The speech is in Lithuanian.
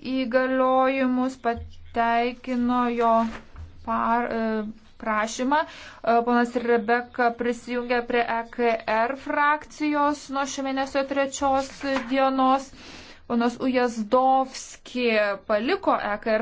įgaliojimus, pateikino jo par, e, prašymą. E, ponas Rebeka prisijungia prie EKR frakcijos nuo šio mėnesio trečios dienos. Ponas Ujazdovski paliko EKR